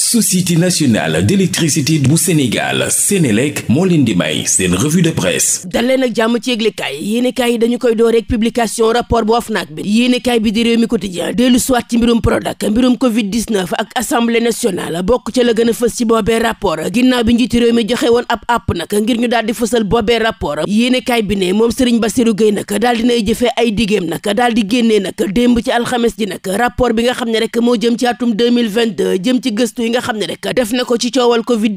société nationale d'électricité bu Sénégal Sénélec moo leen di may seen revue de presse daleen ak jàmm ci yëglekaay yéenekaay yi dañu koy door rek publication rapport bu OFNAC bi yéenekaay bi di réew mi quotidien dellu soit ci mbirum Prodac mbirum Covid 19 ak assemblée nationale bokk ca la gën a fës ci boobee rapport ginnaaw bi njiitu réew mi joxe woon ab àpp nag ngir ñu daal di fësal boobee rapport yéenekaay bi ne moom Serigne Bassirou Gueye nag daal dinay jëfee ay digéem nag daal di génnee nag démb ci alxames ji nag rapport bi nga xam ne rek moo jëm ci atum 2022 jëm ci gëstu yi nga xam ne rek def na ko ci coowal covid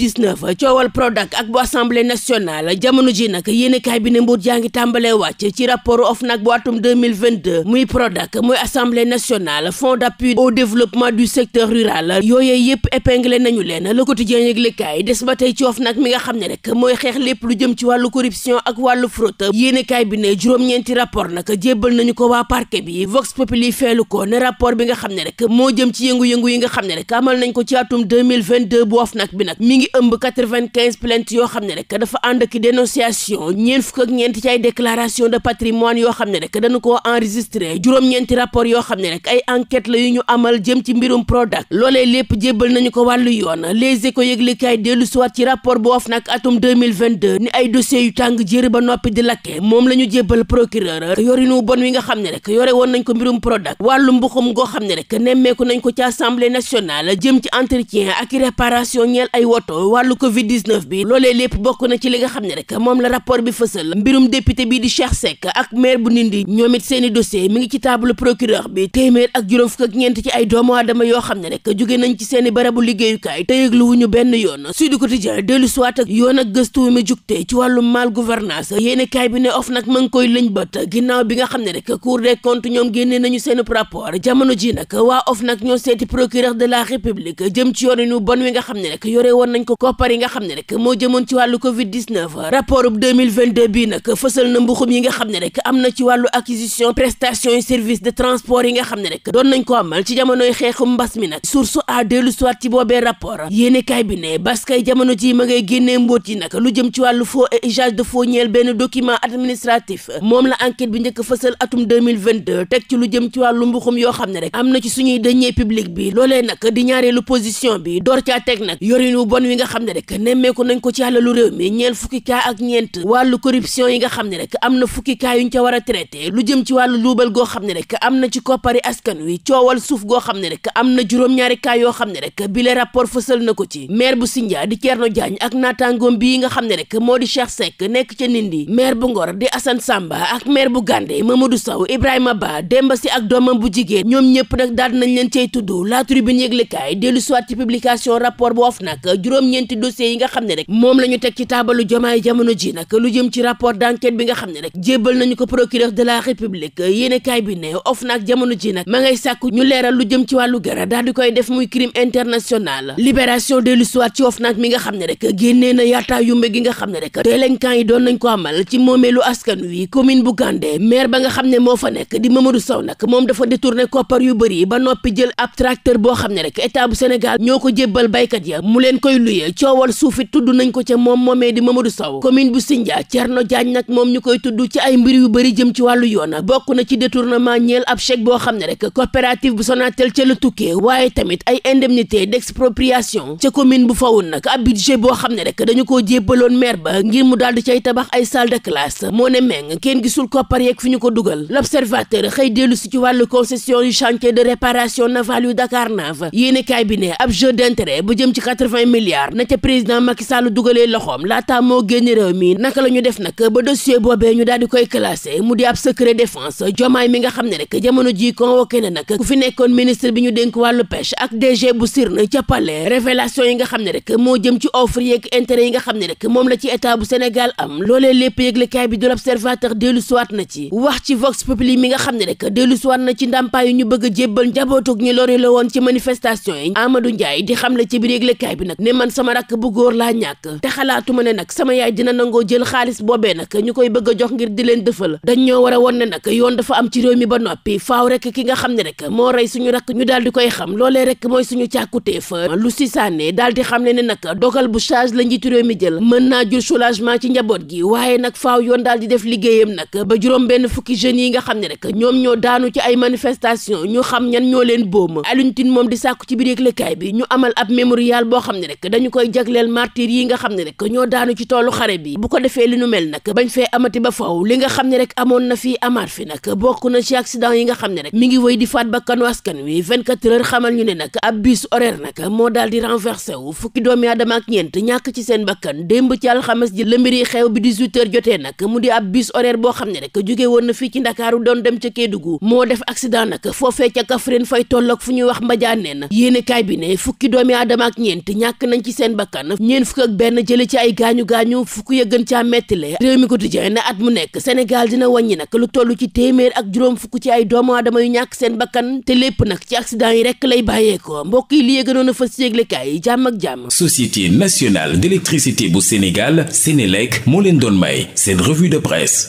coowal Prodac ak bu assemblée nationale jamono ji nag yéenekaay bi ne mbuur jaa ngi tàmbalee wàcc ci rapport OFNAC bu atum 2022 muy Prodac muy assemblée nationale fonds d'appui au développement du secteur rural yooyee yëpp épinglé nañu leen Le Quotidien yëglekaay des ba tey ci OFNAC mi nga xam ne rek mooy xeex lépp lu jëm ci wàllu corruption ak wàllu fraude yéenekaay bi ne juróom-ñeenti rapport nag jébbal ko waa parquet bi bi nga xam ne rek moo jëm ci yëngu-yëngu yi nga xam atum 2022 bu OFNAC bi nag mi ngi ëmb 95 plainte yoo xam ne rek dafa ànd ak dénonciation ñeen fukk ak ñeent ci ay déclaration de patrimoine yoo xam ne rek dañu koo enregistré juróom ñeent rapport yoo xam ne rek ay enquête la yu ñu amal jëm ci mbirum Prodac loolee lépp jébbal nañu ko wàllu yoon les échos yëglekaay dellu siwaat ci rapport bu OFNAC atum 2022 ni ay dossiers yu tàng jër ba noppi di lakke moom la ñu jébbal procureur yorinu bon wi nga xam ne rek yo woon nañ ko mbirum Prodac wàllu mbuxum goo xam ne rek nemmeeku nañ ko ci assemblée nationale jëm ci entretien entretien ak réparation ñeel ay woto wàllu covid 19 bi loolee xam ne rek moom la rapport bi fësal mbirum député bii di Cheikh Seck ak maire bu seen i dossier mi ngi ci table procureur bi téeméer ak yoo xam ne rek jóge nañ ci seen i barabu liggéeyukaay te yëglu wuñu benn yoon Sud Quotidien dellu siwaat ak yoon ak gëstu mi jugte ci wàllu mal gouvernance yéene bi ne of nag ma ngi koy lëñ ginnaaw bi nga xam ne rek cour des comptes ñoom génnee nañu seen rapport jamono ji nag waa of nag ñoo seeti procureur de la république jëm jëm ci yorinu bon wi nga xam ne rek yore woon nañ ko koppar yi nga xam ne rek moo jëmoon ci wàllu covid 19 rapport bu 2022 bii nag na mbuxum yi nga xam ne rek am na ci wàllu acquisition prestation et service de transport yi nga xam ne rek doon nañ ko amal ci mbas mi nag source a dellu soit ci boobee rapport yéenekaay bi ne baskay jamono ji ma ngay génnee mbóot yi lu jëm ci wàllu faux et usage de faux ñeel moom la enquête bi njëkk fësal atum 2022 teg ci lu jëm ci wàllu mbuxum yoo xam ne rek am na ci suñuy deniers publics bi loolee nag di ñaareelu position constitution bi door caa teg nag yorin wu bon wi nga xam ne rek nemmeeku nañ ko ci àlalu réew mi ñeen fukki kaa ak ñeent wàllu corruption yi nga xam ne rek am na fukki yu yuñ ca war a traité lu jëm ci wàllu luubal goo xam ne rek am na ci koppari askan wi coowal suuf goo xam ne rek am na juróom-ñaari kaa yoo xam ne rek bi le rapport fësal na ko ci maire bu Sindia di Thierno Diagne ak naataangoom bii nga xam ne rek moo di Cheikh Seck nekk ca Nindi maire bu Ngor di Assane Samba ak maire bu Gandé Mamadou Sow Ibrahima Ba Demba Si ak doomam bu jigéen ñoom ñëpp nag daal nañ leen cay tudd la ci publication rapport bu OFNAC juróom-ñeenti dossiers yi nga xam ne rek moom la ñu teg ci taabalu jomaay jamono ji nag lu jëm ci rapport d'enquête bi nga xam ne rek jébbal nañu ko procureur de la république yéenekaay bi ne nag jamono ji nag ma ngay sàkku ñu leeral lu jëm ci wàllu gara daal di koy def muy crime international liberation de l'histoire ci nag mi nga xam ne rek génnee na yaataa yumbe gi nga xam ne rek délinquant yi doon nañ ko amal ci moomeelu askan wi commune bu Gandé maire ba nga xam ne moo fa nekk di Mamadou Sow nag moom dafa détourné koppar yu bëri ba noppi jël ab tracteur boo xam ne rek état bu Sénégal ñoo ko jébbal baykat ya mu leen koy luye coowal suufit tudd nañ ko ca moom moomee di ma Mamadou Sow commune bu Sindia Thierno Diagne nag moom ñu koy tudd ci ay mbir yu bëri jëm ci wàllu yoon bokk na ci détournement ñeel ab chèque boo xam ne rek coopérative bu Sonatel ca la tukkee waaye tamit ay indemnité d'expropriation ca commune bu Fawoon nag ab budget boo xam ne rek dañu koo jébbaloon maire ba ngir mu daal di cay tabax ay salle de moo ne meng kenn gisul koppar yeeg fi ñu ko dugal l'observateur xëy dellu si ci wàllu concession yu chantier de réparation navale yu Dakar Nave yéenekaay bi ne ab jeu d'intérêt bu jëm ci 80 milliards na ca président Macky dugalee loxoom laataa moo génn réew naka la def nag ba dossier boobee ñu daal di koy classé mu di ab secret défense jomaay mi nga xam ne rek jamono ji convoqué na nag ku fi nekkoon ministre bi ñu dénk wàllu pêche ak DG bu sirne ca palais révélation yi nga xam ne rek moo jëm ci offre yeeg intérêt yi nga xam ne rek moom la ci état bu Sénégal am loolee lépp yëglekaay bi de na ci wax ci vox mi nga xam ne rek dellu na ci ndàmpaayu ñu bëgg a jébbal njabootug ñu la woon yi Ndiaye di xam la ci biir yëglekaay bi nag ne man sama rakk bu góor laa ñàkk te xalaatuma ne nag sama yaay dina nangoo jël xaalis boobee nag ñu koy bëgg a jox ngir di leen dëfal dañ ñoo war a won ne nag yoon dafa am ci réew mi ba noppi faaw rek ki nga xam ne rek moo rey suñu rakk ñu daal di koy xam rek mooy suñu càkkuteef lu si sànnee daal di xam ne ne nag dogal bu charge la njiitu réew mi jël mën naa jur ci njaboot gi waaye nag faaw yoon daal di def liggéeyam nag ba juróom benn fukki jeunes yi nga xam ne rek ñoom ñoo daanu ci ay manifestation ñu xam ñan ñoo leen boom Alioune Tine moom di sàkku ci biir yëglekaay bi ñu amal ab mémorial boo xam ne rek dañu koy jagleel martir yi nga xam ne rek ñoo daanu ci toolu xare bi bu ko defee li nu mel nag bañ fee amati ba faw li nga xam ne rek amoon na fii amaat fi nag bokk na ci accident yi nga xam ne rek mi ngi wéy di faat bakkanu askan wi 24 heures xamal ñu ne nag ab bus nag moo daal di renversé wu fukki doomi aadama ak ñeent ñàkk ci seen bakkan démb ci alxames ji la xew bi 18 heures jotee nag mu di ab bus horaire boo xam ne rek jóge woon na fii ci ndakaaru doon dem ca Kédougou moo def accident nag foofee ca Kaffrine fay tolloog fu ñuy wax mbajaanee na yéene kaay bi ne fukki doomi aadama ak ñeent ñàkk nañ ci seen bakkan ñeen fukk ak benn jële ci ay gaañu-gaañu fukk yëgën caa mettile réew mi quotidien ne at mu nekk Sénégal dina wàññi nag lu tollu ci téeméer ak juróom fukk ci ay doomu aadama yu ñàkk seen bakkan te lépp nag ci accident yi rekk lay bàyyeekoo mbokk yi li yëgënoon a fas yéeglekaay yi jàmm ak jàmm Société nationale d'électricité bu Sénégal Sénélec moo leen doon may seen revue de presse